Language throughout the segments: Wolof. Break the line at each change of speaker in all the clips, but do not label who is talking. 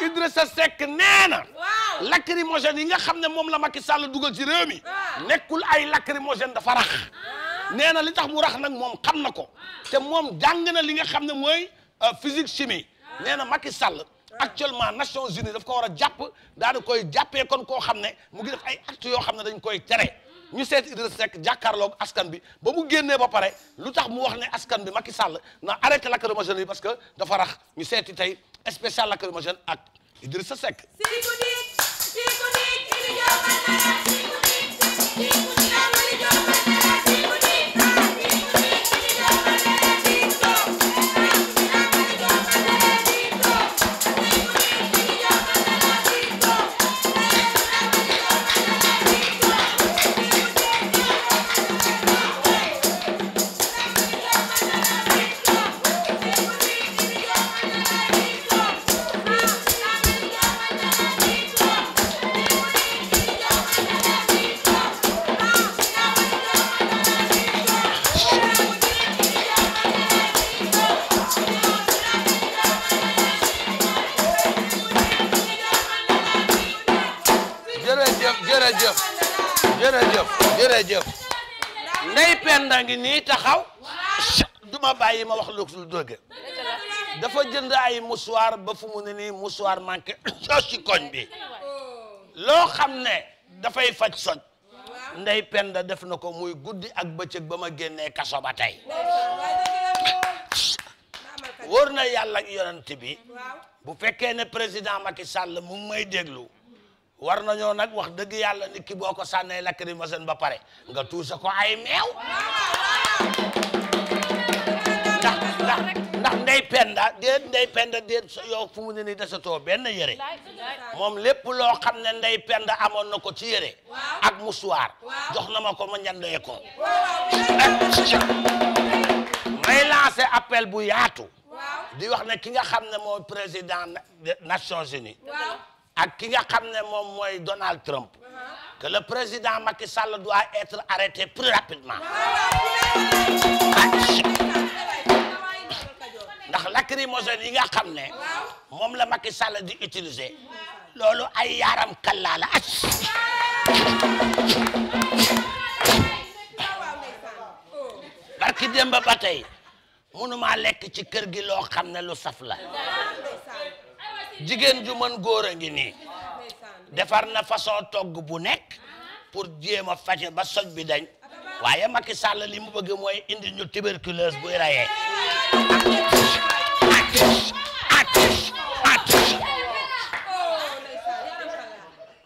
Idrissa Seck nee na. waaw lacrymogène yi nga xam ne moom la makki Sall dugal ci réew mi. Ah. nekkul ay lacrymogène dafa rax. Ah. nee na li tax mu rax nag moom xam na ko. Ah. te moom jàng na li nga xam ne mooy euh, physique chimie. nee na Macky Sall. actuellement Nations Unies daf ko war a jàpp daal koy jàppee kon koo xam ne mu ngi def ay actes yoo xam ne dañ koy tere ñu seet Idrissa Seck jàkkaarloog askan bi ba mu génnee ba pare lu tax mu wax ne askan bi Macky Sall na arrêté lacrymogène yi parce que dafa rax tey spécial lacrymogène ak Idrissa Seck. jërëjëf jërëjëf jërëjëf jërëjëf ndey penda ngi nii taxaw duma bàyyi ma wax lu dëgg dafa jënd ay mouchoir ba fu mu ne nii mouchoir manqué soo si koñ bi loo xam ne dafay faj soj ndey penda def na ko muy guddi ak bëccëg ba ma génnee kaso ba tey wóor na yàlla ak yonent bi bu fekkee ne président Macky Sall mu may déglu war nañoo nag wax dëgg yàlla nit ki boo ko sànnee lacrymogène ba pare nga tuuse ko ay meew ndax ndax ndax penda déet ndey penda déet yow fu mu ne ni desatoo benn yére moom lépp loo xam ne ndey penda amoon na ko ci yére ak musuwaar jox na ma ko ma ñandee ko may lancé appel bu yaatu di wax ne ki nga xam ne mooy président Nations Unies ak ki nga xam ne moom mooy Donald Trump uh-huh. que le président Macky Sall doit être arrêté plus rapidement ndax lacrymogène yi nga xam ne moom la Macky Sall di utiliser loolu ay yaaram kallaa la barki démb ba tey mënumaa lekk ci kër gi loo xam ne lu saf la jigéen ju mën góor a ngi nii defar na façon togg bu nekk pour jéem a faje ba soj bi dañ waaye Macky Sall li mu bëgg mooy indi ñu tuberculose buy rayee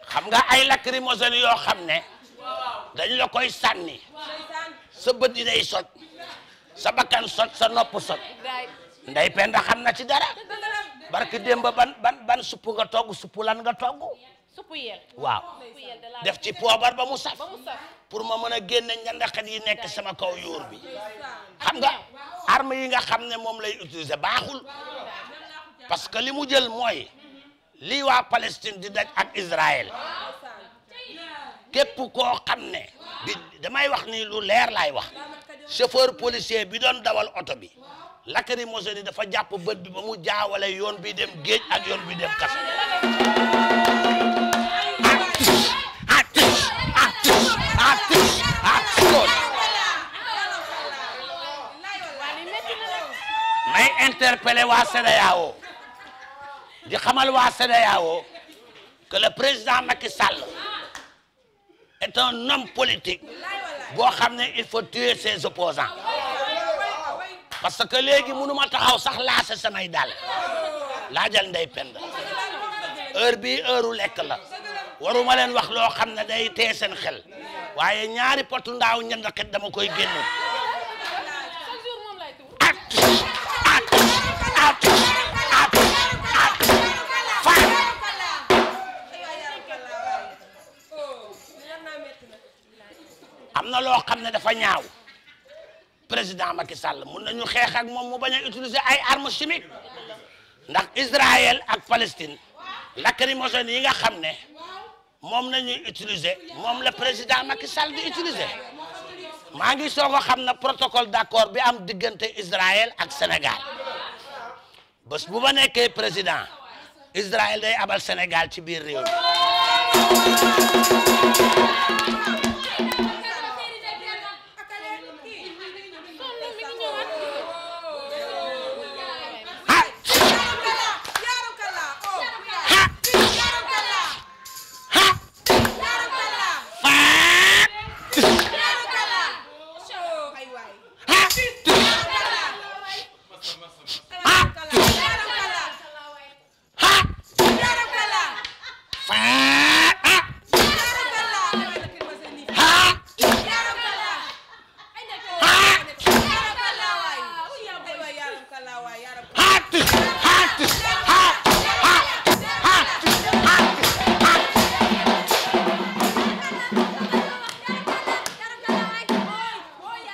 xam nga ay lacrymogène yoo xam ne dañ la koy sànni sa bët yi day soj sa bakkan soj sa nopp soj nday penda xam na ci dara barke démba ban ban ban supp nga togg suppu lan nga togg supp yel waaw def ci poobar ba mu saf pour ma mën a génne ñandaxat yi nekk sama kaw yóor bi xam nga arme yi nga xam ne moom lay utiliser baaxul parce que li mu jël mooy lii waa Palestine di daj ak Israël képp koo xam ne bi damay wax ni lu leer laay wax chauffeur policier bi doon dawal oto bi lacrymogène dafa jàpp bët bi ba mu jaawale yoon bi dem géej ak yoon bi dem kaso may interpellé waa CEDEAO di xamal waa CEDEAO que le président Macky Sall est un homme politique boo xam ne il faut tuer ses opposants parce que léegi mënu ma taxaw sax laase samay daal laajal ndey pend heure bii heure lekk la waruma leen wax loo xam ne day tee seen xel waaye ñaari potu ndaaw ñenn xet dama koy génne am na loo xam ne dafa ñaaw président Macky Sall mun nañu xeex ak moom mu bañ a utiliser ay armes chimiques ndax Israël ak Palestine lacrymogène yi nga xam ne moom nañuy utiliser moom la président Macky Sall di utiliser maa ngi soog a xam ne protocole d'accord bi am diggante Israël ak Sénégal bés bu ma nekkee président Israël day abal Sénégal ci biir réew mi